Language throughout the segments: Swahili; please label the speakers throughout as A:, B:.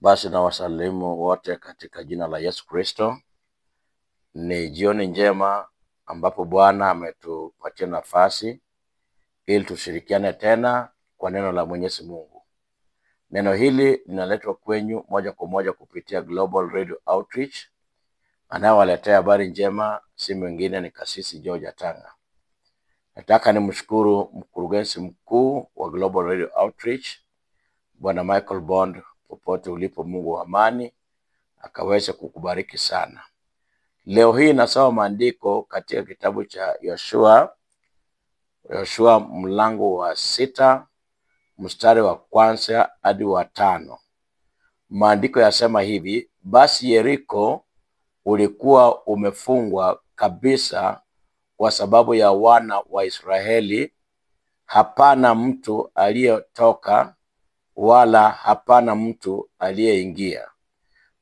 A: Basi na wasalimu wote katika jina la Yesu Kristo. Ni jioni njema ambapo Bwana ametupatia nafasi ili tushirikiane tena kwa neno la Mwenyezi Mungu. Neno hili linaletwa kwenyu moja kwa moja kupitia Global Radio Outreach. Anayewaletea habari njema si mwingine ni Kasisi George Atanga. Nataka nimshukuru mkurugenzi mkuu wa Global Radio Outreach Bwana Michael Bond popote ulipo. Mungu wa amani akaweza kukubariki sana. Leo hii nasoma maandiko katika kitabu cha Yoshua, Yoshua mlango wa sita mstari wa kwanza hadi wa tano. Maandiko yasema hivi: basi Yeriko ulikuwa umefungwa kabisa kwa sababu ya wana wa Israeli, hapana mtu aliyetoka wala hapana mtu aliyeingia.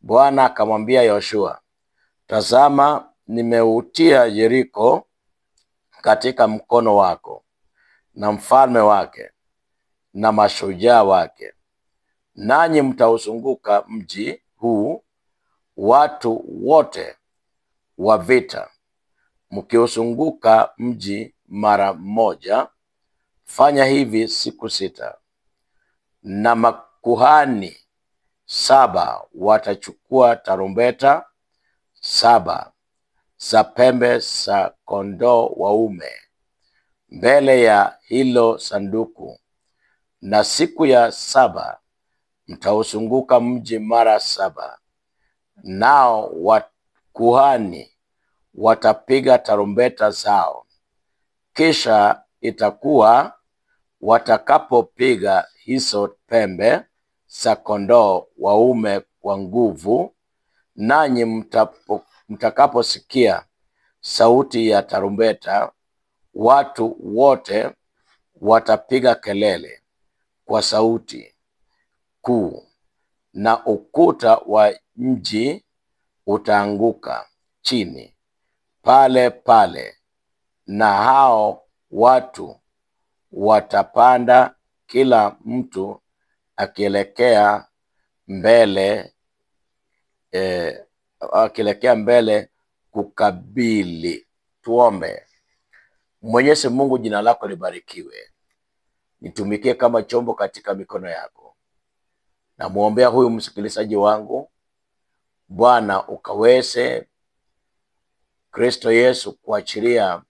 A: Bwana akamwambia Yoshua, tazama, nimeutia Yeriko katika mkono wako na mfalme wake na mashujaa wake, nanyi mtauzunguka mji huu, watu wote wa vita, mkiuzunguka mji mara moja. Fanya hivi siku sita na makuhani saba watachukua tarumbeta saba za pembe za kondoo waume mbele ya hilo sanduku, na siku ya saba mtauzunguka mji mara saba, nao wakuhani watapiga tarumbeta zao. Kisha itakuwa watakapopiga hizo pembe za kondoo waume kwa nguvu, nanyi mtakaposikia sauti ya tarumbeta, watu wote watapiga kelele kwa sauti kuu, na ukuta wa mji utaanguka chini pale pale, na hao watu watapanda kila mtu akielekea mbele eh, akielekea mbele kukabili. Tuombe. Mwenyezi Mungu, jina lako libarikiwe, nitumikie kama chombo katika mikono yako. Namwombea huyu msikilizaji wangu, Bwana ukaweze Kristo Yesu kuachilia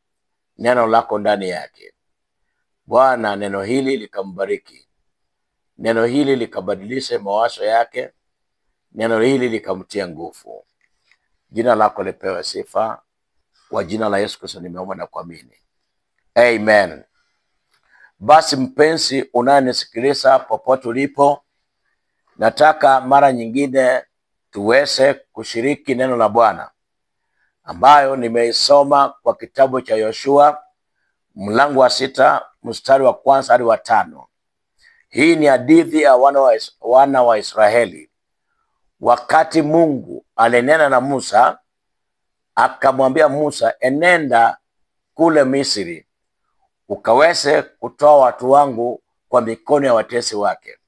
A: neno lako ndani yake Bwana neno hili likambariki, neno hili likabadilisha mawazo yake, neno hili likamtia nguvu. Jina lako lipewe sifa. Kwa jina la Yesu Kristo nimeomba na kuamini, amen. Basi mpenzi unayenisikiliza popote ulipo, nataka mara nyingine tuweze kushiriki neno la Bwana ambayo nimeisoma kwa kitabu cha Yoshua mlango wa sita mstari wa kwanza hadi wa tano. Hii ni hadithi ya wana wa, wana wa Israeli wakati Mungu alinena na Musa akamwambia Musa, enenda kule Misri ukaweze kutoa watu wangu kwa mikono ya watesi wake.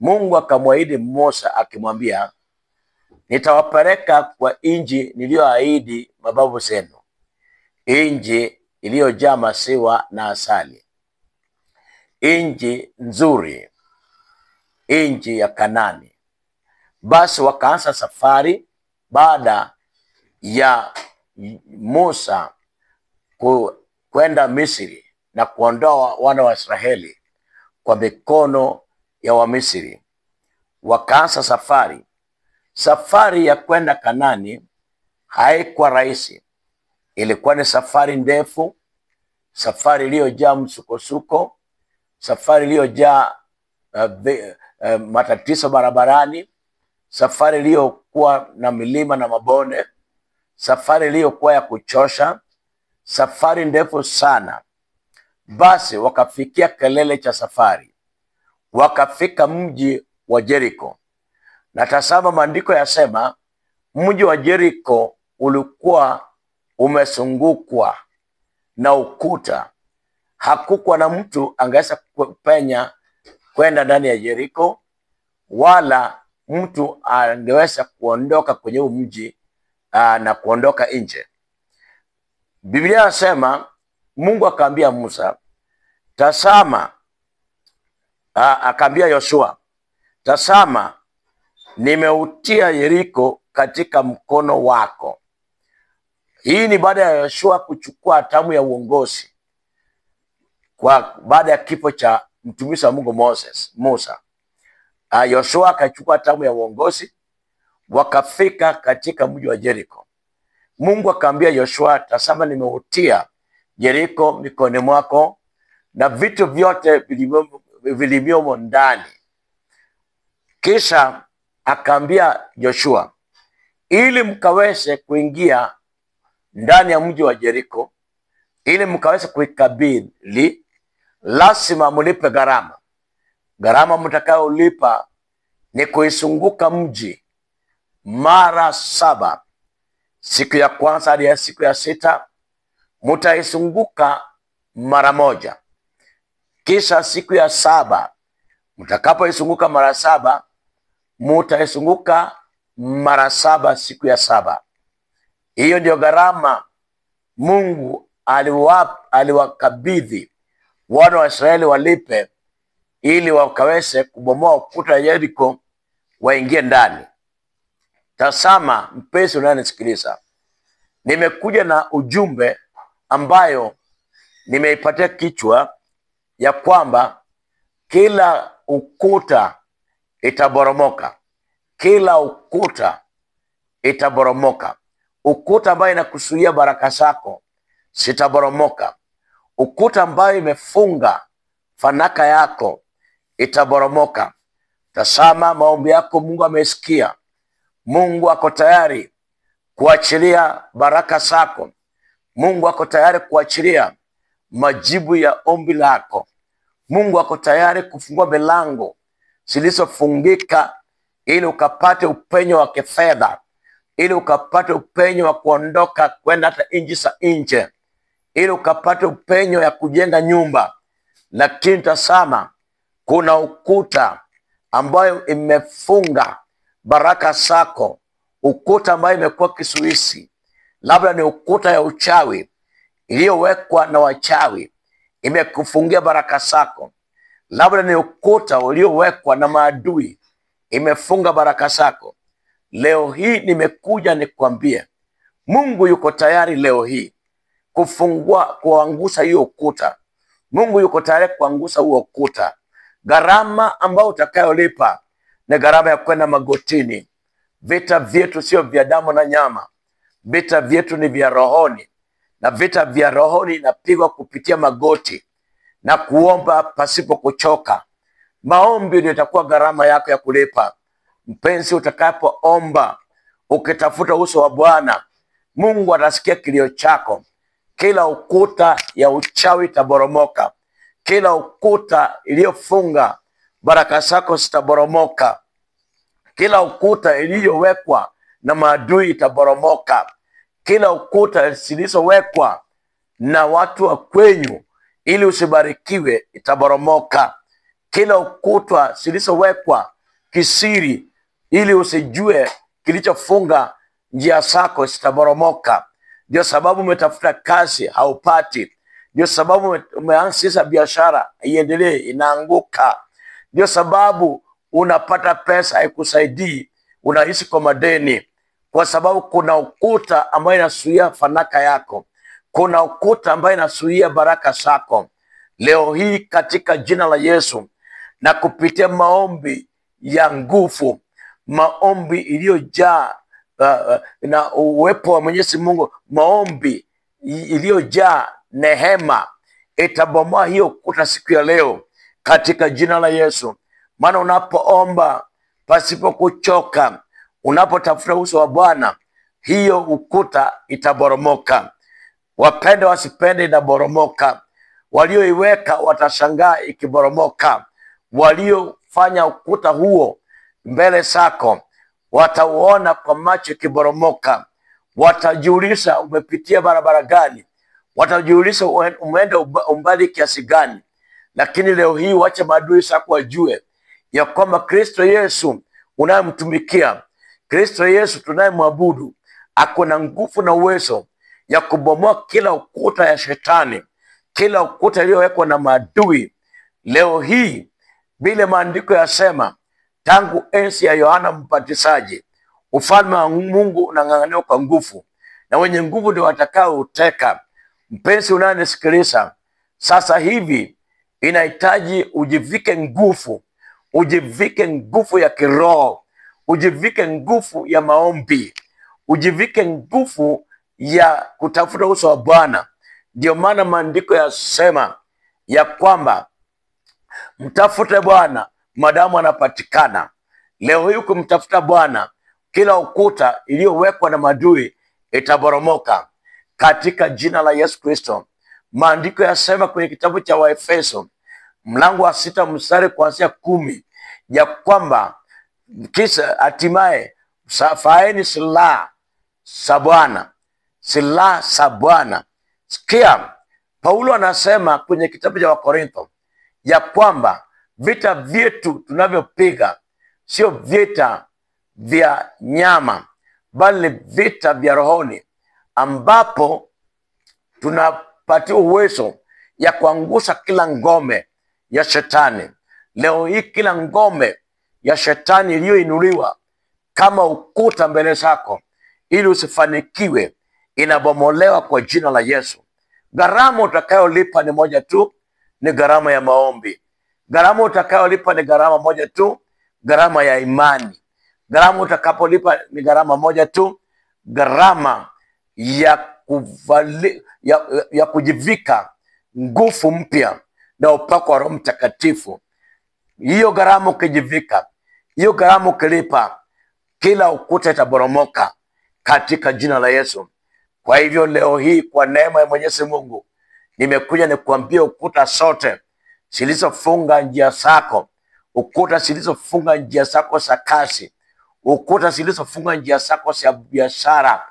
A: Mungu akamwahidi Musa akimwambia, nitawapeleka kwa nchi niliyoahidi mababu zenu, nchi iliyojaa masiwa na asali nji nzuri, nji ya Kanani. Basi wakaanza safari baada ya Musa kwenda Misri na kuondoa wana wa Israeli kwa mikono ya Wamisri. Wakaanza safari. Safari ya kwenda Kanani haikuwa rahisi, ilikuwa ni safari ndefu, safari iliyojaa msukosuko, safari iliyojaa uh, uh, matatizo barabarani, safari iliyokuwa na milima na mabonde, safari iliyokuwa ya kuchosha, safari ndefu sana. Basi wakafikia kelele cha safari, wakafika mji wa Jeriko. Na tazama, maandiko yasema mji wa Jeriko ulikuwa umezungukwa na ukuta hakukuwa na mtu angeweza kupenya kwenda ndani ya Yeriko, wala mtu angeweza kuondoka kwenye huu mji ah, na kuondoka nje. Biblia nasema Mungu akaambia Musa, tasama, akaambia ah, Yoshua, tasama, nimeutia Yeriko katika mkono wako. Hii ni baada ya Yoshua kuchukua hatamu ya uongozi kwa baada ya kifo cha mtumishi wa Mungu Moses, Musa. Ah, Yoshua akachukua tamu ya uongozi, wakafika katika mji wa Jeriko. Mungu akaambia Yoshua, tazama, nimeutia Jeriko mikoni mwako na vitu vyote vilivyomo ndani. Kisha akaambia Yoshua, ili mkaweze kuingia ndani ya mji wa Jeriko, ili mkaweze kuikabili lazima mulipe gharama. Gharama mtakayolipa ni kuisunguka mji mara saba. Siku ya kwanza hadi ya siku ya sita mutaisunguka mara moja, kisha siku ya saba mtakapoisunguka mara saba mutaisunguka mara saba siku ya saba. Hiyo ndio gharama Mungu aliwakabidhi wana wa Israeli walipe ili wakaweze kubomoa ukuta wa Yeriko waingie ndani. Tazama mpenzi unayenisikiliza, nimekuja na ujumbe ambayo nimeipatia kichwa ya kwamba kila ukuta itaboromoka, kila ukuta itaboromoka. Ukuta ambayo inakusuia baraka zako zitaboromoka, Ukuta ambayo imefunga fanaka yako itaboromoka. Tazama, maombi yako Mungu amesikia. Mungu ako tayari kuachilia baraka zako. Mungu ako tayari kuachilia majibu ya ombi lako. Mungu ako tayari kufungua milango zilizofungika ili ukapate upenyo wa kifedha, ili ukapate upenyo wa kuondoka kwenda hata nchi za nje ili ukapate upenyo ya kujenga nyumba, lakini tasama kuna ukuta ambayo imefunga baraka zako, ukuta ambayo imekuwa kisuisi labda ni ukuta ya uchawi iliyowekwa na wachawi, imekufungia baraka zako. Labda ni ukuta uliowekwa na maadui, imefunga baraka zako. Leo hii nimekuja nikwambie, Mungu yuko tayari leo hii kufungua kuangusha hiyo ukuta. Mungu yuko tayari kuangusha huo ukuta. Gharama ambayo utakayolipa ni gharama ya kwenda magotini. Vita vyetu sio vya damu na nyama, vita vyetu ni vya rohoni, na vita vya rohoni inapigwa kupitia magoti na kuomba pasipo kuchoka. Maombi ndio itakuwa gharama yako ya kulipa. Mpenzi, utakapoomba ukitafuta uso wa Bwana, Mungu atasikia kilio chako. Kila ukuta ya uchawi itaboromoka, kila ukuta iliyofunga baraka zako zitaboromoka, kila ukuta iliyowekwa na maadui itaboromoka, kila ukuta zilizowekwa na watu wa kwenyu ili usibarikiwe itaboromoka, kila ukuta zilizowekwa kisiri ili usijue kilichofunga njia zako zitaboromoka ndio sababu umetafuta kazi haupati, ndio sababu umeanzisha biashara iendelee inaanguka, ndio sababu unapata pesa haikusaidii, unahisi kwa madeni, kwa sababu kuna ukuta ambayo inasuia fanaka yako, kuna ukuta ambayo inasuia baraka zako. Leo hii katika jina la Yesu na kupitia maombi ya nguvu, maombi iliyojaa Ah, ah, na uwepo wa Mwenyezi Mungu, maombi iliyojaa nehema itabomoa hiyo kuta siku ya leo katika jina la Yesu. Maana unapoomba pasipo kuchoka, unapotafuta uso wa Bwana, hiyo ukuta itaboromoka. Wapende wasipende, inaboromoka. Walioiweka watashangaa ikiboromoka. Waliofanya ukuta huo mbele zako watauona kwa macho kiboromoka watajiuliza umepitia barabara gani, watajiuliza umeenda umbali kiasi gani. Lakini leo hii wacha maadui sako wajue ya kwamba Kristo Yesu unayemtumikia, Kristo Yesu tunayemwabudu ako na nguvu na uwezo ya kubomoa kila ukuta ya shetani, kila ukuta iliyowekwa na maadui. Leo hii vile maandiko yasema tangu enzi ya Yohana Mbatizaji. Ufalme wa Mungu unang'ang'aniwa kwa nguvu, na wenye nguvu ndio watakao uteka. Mpenzi unayenisikiliza sasa hivi, inahitaji ujivike nguvu, ujivike nguvu ya kiroho, ujivike nguvu ya maombi, ujivike nguvu ya kutafuta uso wa Bwana. ndio maana maandiko yasema ya kwamba mtafute Bwana madamu anapatikana. Leo hii kumtafuta Bwana, kila ukuta iliyowekwa na madui itaboromoka katika jina la Yesu Kristo. Maandiko yasema kwenye kitabu cha Waefeso mlango wa sita mstari kuanzia kumi ya kwamba kisa hatimaye faeni silaha sa Bwana, silaha za Bwana. Sikia Paulo anasema kwenye kitabu cha Wakorintho ya kwamba Vita vyetu tunavyopiga sio vita vya nyama, bali ni vita vya rohoni, ambapo tunapatia uwezo ya kuangusha kila ngome ya shetani. Leo hii kila ngome ya shetani iliyoinuliwa kama ukuta mbele zako ili usifanikiwe inabomolewa kwa jina la Yesu. Gharama utakayolipa ni moja tu, ni gharama ya maombi. Gharama utakayolipa ni gharama moja tu, gharama ya imani. Gharama utakapolipa ni gharama moja tu, gharama ya, kuvali, ya, ya kujivika nguvu mpya na upako wa Roho Mtakatifu. Hiyo gharama ukijivika, hiyo gharama ukilipa, kila ukuta itaboromoka katika jina la Yesu. Kwa hivyo leo hii, kwa neema ya Mwenyezi Mungu, nimekuja nikuambia ukuta sote zilizofunga njia zako, ukuta zilizofunga njia zako za kazi, ukuta zilizofunga njia zako za biashara,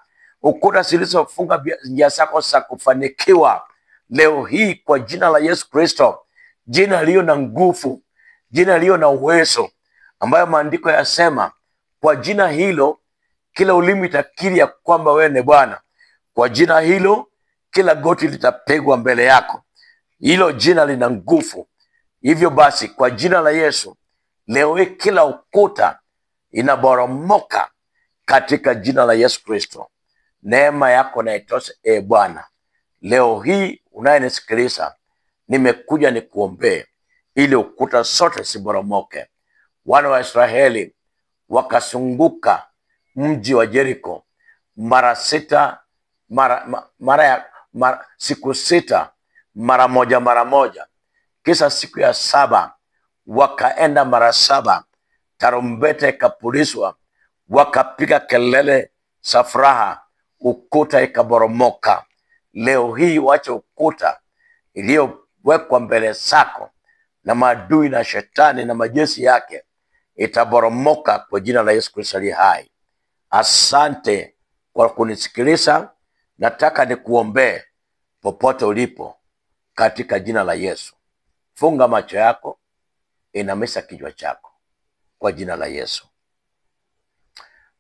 A: ukuta zilizofunga njia zako za kufanikiwa, leo hii kwa jina la Yesu Kristo, jina liyo na nguvu, jina liyo na uwezo, ambayo maandiko yasema kwa jina hilo kila ulimi itakiri ya kwamba wewe ni Bwana. Kwa jina hilo kila goti litapigwa mbele yako. Hilo jina lina nguvu, Hivyo basi kwa jina la Yesu leo hii kila ukuta inaboromoka katika jina la Yesu Kristo. Neema yako na e Bwana. Leo hii unayenisikiliza, nimekuja nikuombee ili ukuta sote siboromoke. Wana wa Israeli wakasunguka mji wa Jeriko mara sita mara, mara, mara, siku sita mara moja mara moja Kisa siku ya saba wakaenda mara saba, tarumbete ikapulizwa, wakapiga kelele za furaha, ukuta ikaboromoka. Leo hii wache ukuta iliyowekwa mbele zako na maadui na shetani na majeshi yake itaboromoka kwa jina la Yesu Kristo aliye hai. Asante kwa kunisikiliza. Nataka nikuombee popote ulipo katika jina la Yesu funga macho yako, inamesa kichwa chako kwa jina la Yesu.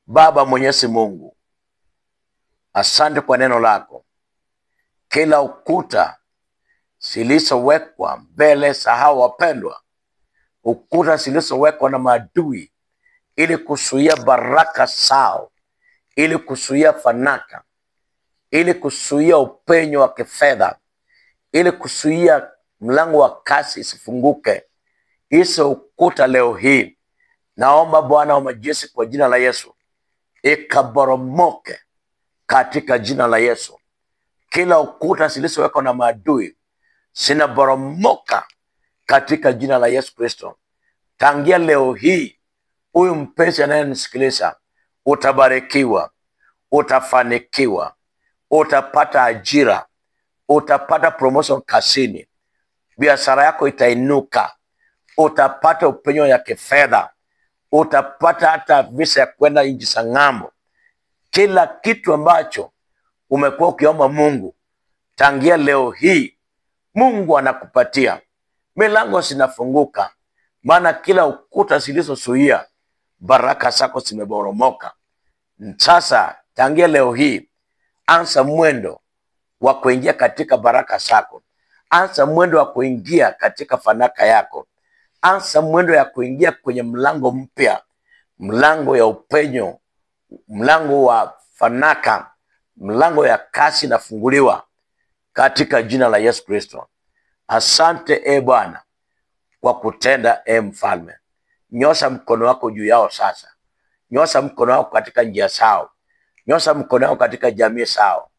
A: Baba Mwenyezi Mungu, asante kwa neno lako. Kila ukuta zilizowekwa mbele za hao wapendwa, ukuta zilizowekwa na maadui ili kuzuia baraka zao, ili kuzuia fanaka, ili kuzuia upenyo wa kifedha, ili kuzuia mlango wa kasi isifunguke, hizo ukuta leo hii. Naomba Bwana wa majeshi kwa jina la Yesu ikaboromoke katika jina la Yesu. Kila ukuta zilizowekwa na maadui zinaboromoka katika jina la Yesu Kristo. Tangia leo hii, huyu mpenzi anayenisikiliza, utabarikiwa, utafanikiwa, utapata ajira, utapata promotion kasini biashara yako itainuka, utapata upenyo ya kifedha, utapata hata visa ya kwenda nchi za ng'ambo. Kila kitu ambacho umekuwa ukiomba Mungu tangia leo hii, Mungu anakupatia. Milango zinafunguka, maana kila ukuta zilizozuia baraka zako zimeboromoka. Sasa tangia leo hii, anza mwendo wa kuingia katika baraka zako ansa mwendo wa kuingia katika fanaka yako, ansa mwendo ya kuingia kwenye mlango mpya, mlango ya upenyo, mlango wa fanaka, mlango ya kasi inafunguliwa katika jina la Yesu Kristo. Asante e Bwana kwa kutenda, e Mfalme. Nyosha mkono wako juu yao sasa, nyosha mkono wako katika njia sao, nyosha mkono wako katika jamii sao,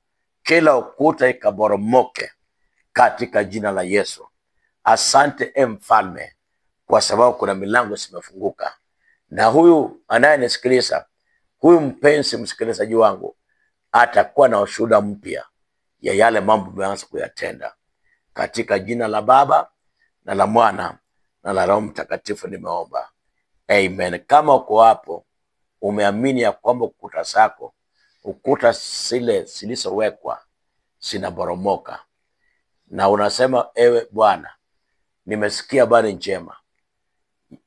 A: kila ukuta ikaboromoke katika jina la Yesu. Asante e mfalme, kwa sababu kuna milango zimefunguka, na huyu anayenisikiliza huyu mpenzi msikilizaji wangu atakuwa na ushuhuda mpya ya yale mambo umeanza kuyatenda katika jina la Baba na la Mwana na la Roho Mtakatifu nimeomba, amen. Kama uko hapo umeamini ya kwamba ukuta zako, ukuta zile zilizowekwa zinaboromoka na unasema ewe Bwana, nimesikia habari njema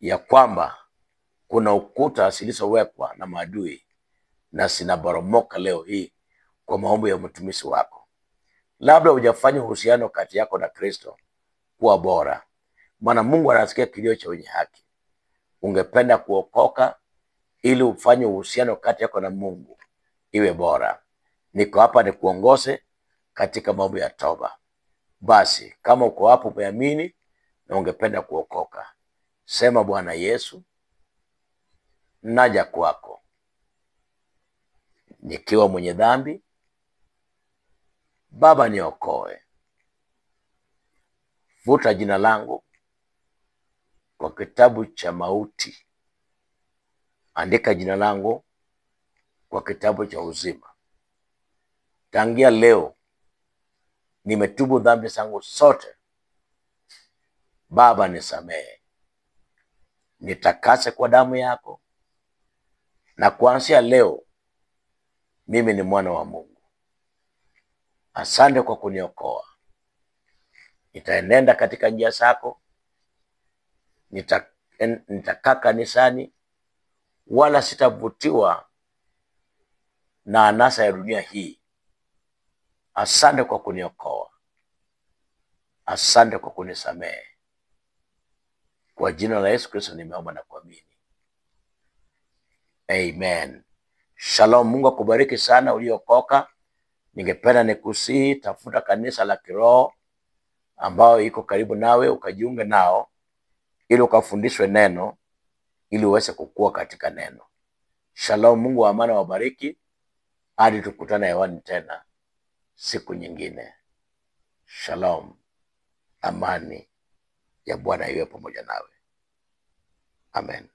A: ya kwamba kuna ukuta zilizowekwa na maadui na zinaboromoka leo hii kwa maombi ya mtumishi wako. Labda hujafanya uhusiano kati yako na Kristo kuwa bora, maana Mungu anasikia kilio cha wenye haki. Ungependa kuokoka ili ufanye uhusiano kati yako na Mungu iwe bora, niko hapa nikuongoze katika mambo ya toba. Basi kama uko hapo umeamini na ungependa kuokoka, sema Bwana Yesu, naja kwako nikiwa mwenye dhambi. Baba, niokoe, vuta jina langu kwa kitabu cha mauti, andika jina langu kwa kitabu cha uzima. Tangia leo nimetubu dhambi zangu sote Baba nisamehe, nitakase kwa damu yako, na kuanzia leo mimi ni mwana wa Mungu. Asante kwa kuniokoa, nitaenenda katika njia zako, nitakaa kanisani, wala sitavutiwa na anasa ya dunia hii Asante kwa kuniokoa, asante kwa kunisamehe. Kwa jina la Yesu Kristo nimeomba na kuamini, amen. Shalom, Mungu akubariki sana uliokoka. Ningependa nikusihi, tafuta kanisa la kiroho ambayo iko karibu nawe, ukajiunge nao ili ukafundishwe neno, ili uweze kukua katika neno. Shalom, Mungu wa amani wabariki, hadi tukutane hewani tena siku nyingine. Shalom, amani ya Bwana iwe pamoja nawe. Amen.